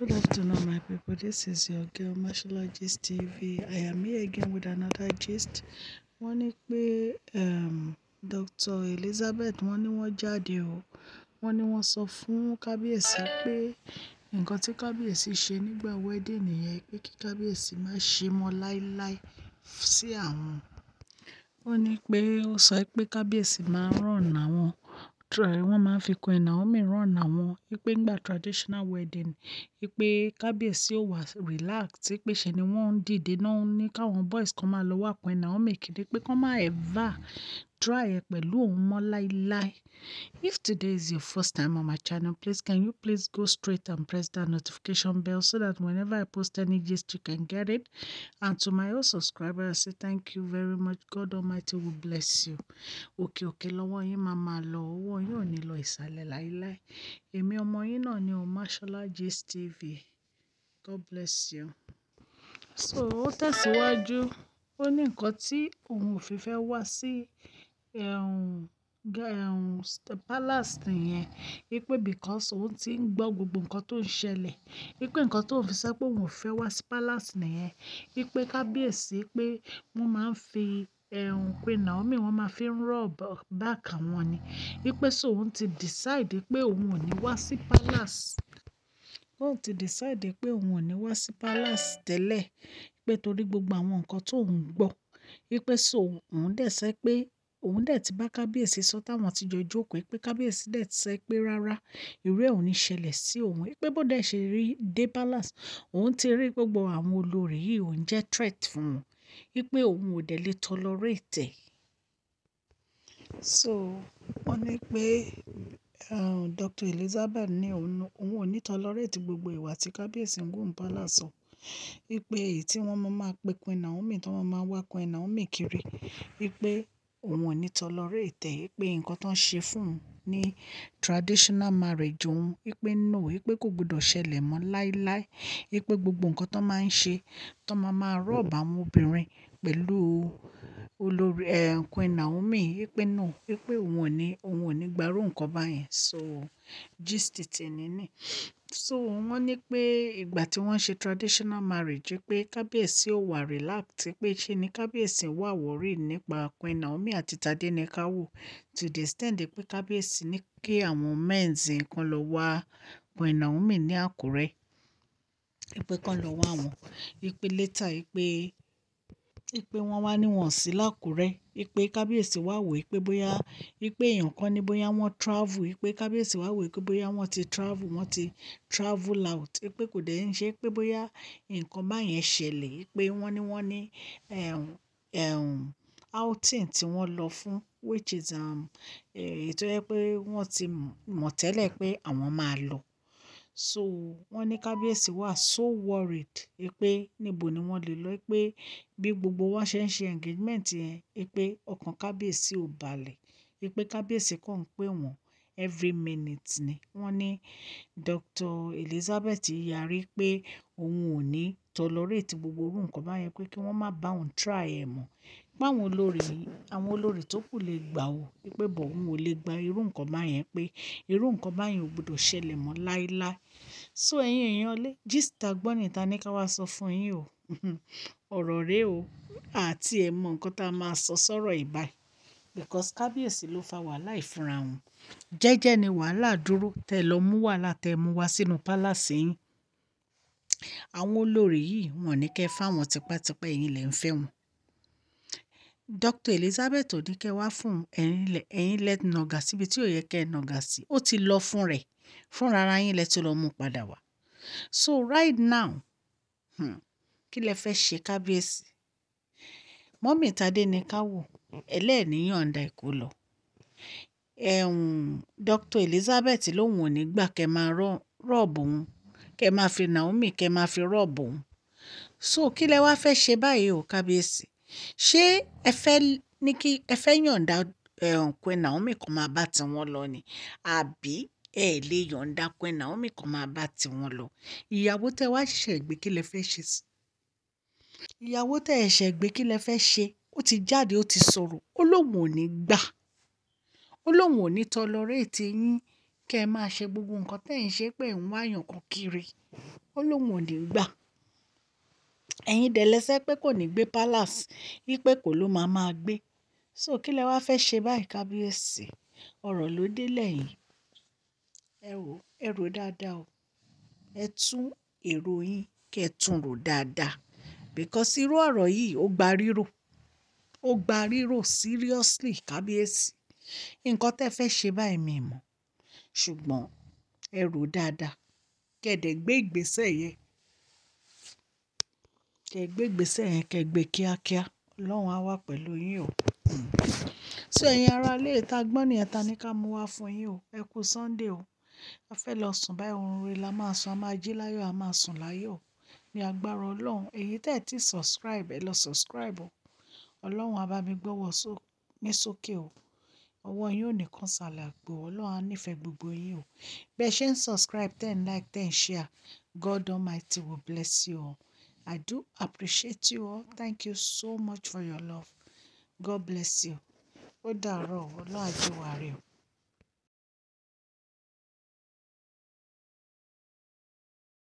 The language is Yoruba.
Good afternoon, my people. This is your girl Masholagist TV. I am here again with another gist. Wọ́n ní pé um, Dr. Elizabeth wọ́n ní wọ́n jáde o. Wọ́n ní wọ́n sọ fún kábíyèsí pé nǹkan tí kábíyèsí ṣe nígbà wedding nìyẹn pé kí kábíyèsí má ṣe mọ́ láíláí sí àwọn. Wọ́n ní pé ó sọ pé kábíyèsí máa ń ràn àwọn try wọ́n máa ń fi Queen Naomi run àwọn. Wípé nígbà traditional wedding, wípé kábíyèsí ó wà relax, wípé ṣe ni wọ́n ń dìde náà ní káwọn boys kan máa lọ wá Queen Naomi kiri pé kó má ever try ẹ pẹ̀lú òun mọ́ láíláí. If today is your first time on my channel, please can you please go straight and press that notification bell so that whenever I post any gist, you can get it. And to my old subscribers, I say thank you very much. God Almighty will bless you. Òkè òkè lọ́wọ́ yín máa máa lọ, ọwọ́ yín ò ní lọ ìsàlẹ̀ láíláí. Èmi ọmọ yín náà ni Omashola Gist TV. God bless you. So ó tẹ̀síwájú, ó ní nǹkan tí òun ò fi fẹ́ wá sí palace nìyẹn. Wípé because òun ti ń gbọ́ gbogbo nǹkan tó ń ṣẹlẹ̀. Wípé nǹkan tó ń fi sọ pé òun ò fẹ́ wá sí palace nìyẹn. Wípé kábíyèsí pé wọ́n máa ń fi Queen Naomi wọ́n máa ń fi rub back àwọn ni. Wípé so òun ti decide pé òun ò ní wá sí palace. Òun ti decide pé òun ò ní wá sí palace tẹ́lẹ̀. Wípé torí gbogbo àwọn nǹkan tó ń gbọ́. Wípé so òun dẹ̀ sọ pé Òun dẹ̀ ti bá kábíyèsí sọ táwọn ti jọ jókòó pé kábíyèsí dẹ̀ ti sọ pé rárá, irú ẹ ò ní ṣẹlẹ̀ sí òun. Pé bó dẹ̀ ṣe rí dé palace, òun ti rí gbogbo àwọn olórí yìí òun jẹ́ threat fún wọn. Wípé òun ò dẹ̀ lè tolerate ẹ̀. So wọ́n ní pé, eh, Dr. Elizabeth ní òun, òun ò ní tolerate gbogbo ìwà tí kábíyèsí ń wù palace o. Wípé èyí tí wọ́n máa máa pe Queen Naomi, tí wọ́n máa wá Queen Naomi kiri. Wípé òun ò ní tolerate ẹ̀ pé nǹkan tó ń ṣe fún un ní traditional marriage òun wípé no wípé kò gbọdọ̀ ṣẹlẹ̀ mọ́ láíláí wípé gbogbo nǹkan tó máa ń ṣe tó máa máa rọ́ọ̀bù àwọn obìnrin pẹ̀lú olórí eh, Queen Naomi wípé no wípé òun ò ní òun ò ní gbarú nǹkan báyẹn so gist tèmi ni so wọn ní pé ìgbà tí wọn ṣe traditional marriage pé kábíyèsí ò wà relaxed pé ṣe ni kábíyèsí wà worried nípa queen naomi àti tadenikawo to the extent pé kábíyèsí ní kí àwọn men's kan lọ wá queen naomi ní àkúrẹ́ pé kán lọ wá wọn wípé létà wípé wípé wọ́n wá ní wọn sí làkúrẹ́ wípé kábíyèsí wá wò wípé bóyá wípé èèyàn kan ní bóyá wọ́n travel wípé kábíyèsí wá wò wípé bóyá wọ́n ti travel wọ́n ti travel out wípé kò dẹ̀ ń ṣe pé bóyá nǹkan báyẹn ṣẹlẹ̀ wípé wọ́n ní wọ́n ní um, um, outing tí wọ́n lọ fún which is um, eh, èyí tó yẹ pé wọ́n ti mọ̀ tẹ́lẹ̀ pé àwọn máa lọ. So wọ́n ní Kábíyèsí wà so worried pé níbo ni wọ́n lè lọ pé bí gbogbo wọn ṣe ń ṣe engagement yẹn pé ọkàn Kábíyèsí ò balẹ̀, pé Kábíyèsí kàn ń pè wọ́n every minute ni. Wọ́n ní Dr. Elizabeth yarí pé òun ò ní tolerate gbogbo irú nǹkan báyẹn pé kí wọ́n má bá òun try ẹ̀ mọ́ pé àwọn olórí, àwọn olórí tó kù lè gbà ó wípé bọ̀ wọ́n ò lè gba irú nǹkan báyẹn pé irú nǹkan báyẹn ò gbọdọ̀ ṣẹlẹ̀ mọ́ láíláí. So ẹ̀yin èèyàn ilé, gist ta gbọ́ nìí ta ní ká wá sọ fún yín o. Ọ̀rọ̀ rè o. A ti mọ nǹkan ta máa sọ sọ̀rọ̀ yìí because kábíyèsí ló fa wàhálà yìí fúnra wọn. Jẹ́jẹ́ ni wàhálà dúró tẹ lọ mú wàhálà tẹ mú wá sínú palace yín. Àwọn olórí yìí wọ́n ò ní kí ẹ tipátipá, ẹ̀yin lẹ̀ ń fẹ́ wọn dr elizabeth ò ní kẹ́ ẹ wá fún un ẹ̀yin lẹ nàgà síbi tí ò yẹ kẹ́ ẹ nàgà sí ó ti lọ fún rẹ̀ fúnra ara yín lẹ ti lọ mú padà wá so right now hmm, kí lẹ fẹ́ ṣe kábíyèsí mọ́mì tadé ní ká wò ẹlẹ́ẹ̀ní yọ̀ǹda èkó lọ ẹ̀hún dr elizabeth lòun ò ní gbà kẹ́ máa rọ̀ọ̀bù òun kẹ́ máa fi naomi kẹ́ máa fi rọ̀ọ̀bù òun so kí lẹ wá fẹ́ ṣe báyìí o kábíyèsí ṣé ẹ fẹ́ ní kí ẹ fẹ́ yọ̀ǹda eh, Queen Naomi kan máa bá tiwọn lọ ni àbí ẹ lè yọ̀ǹda Queen Naomi kan máa bá tiwọn lọ ìyàwó tẹ wá ṣẹ̀ṣẹ̀ gbé kí lẹ fẹ́ ṣe sí ìyàwó tẹ ẹ̀ṣẹ̀ gbé kí lẹ fẹ́ ṣe ó ti jáde ó ti sọ̀rọ̀ ó lóun ò ní gbà ó lóun ò ní tọlọrẹ́ẹ̀tì yín kẹ́ ẹ máa ṣe gbogbo nǹkan tẹ́ ẹ̀ ń ṣe pé ẹ̀ ń wáyàn kan kiri ó lóun ò ní gbà. Ẹ̀yin dẹ̀ lẹ́sẹ̀ pé kò ní gbé palace, wípé Èkó ló máa máa gbé. So kí lẹ wá fẹ́ ṣe báyìí kábíyèsí? Ọ̀rọ̀ ló dé lẹ̀ yìí. Ẹ wò, ẹ rò dáadáa o. Ẹ tún èrò yín kí ẹ tún rò dáadáa. Because irú ọ̀rọ̀ yìí ó gba rírò. Ó gba rírò seriously kábíyèsí. Ǹkan tí ẹ fẹ́ ṣe báyìí mi mọ̀. Ṣùgbọ́n ẹ rò dáadáa. Kí ẹ dẹ̀ gbé ìgbésẹ̀ yẹn Kẹ gbé ìgbésẹ̀ yẹn, kẹ gbé kíákíá. Ọlọ́run á wà pẹ̀lú yín o. So ẹ̀yin ará ilé eyi ta gbọ́ nìyẹn ta ní ká mú wá fún yín o. Ẹ kú Sunday o. A fẹ́ lọ sùn báyìí, orun re la máa sùn, a máa jí láyọ̀, a máa sùn láyọ̀. Ni agbára Ọlọ́run. Èyí tí ti subscribe, ẹ lọ subscribe o. Ọlọ́run á bá mi gbọ́wọ́ só-- ní sókè o. Ọwọ́ yín ò ní kan salẹ̀ àpò. Ọlọ́run á nífẹ̀ẹ́ gbogbo yín o. Bí ẹ ṣe ń subscribe, tẹ̀ like, tẹ̀ share, God Almighty will bless you I do appreciate you all. Thank you so much for your love. God bless you. Ó dàárọ̀ o, Ọlọ́run a jí wa re o.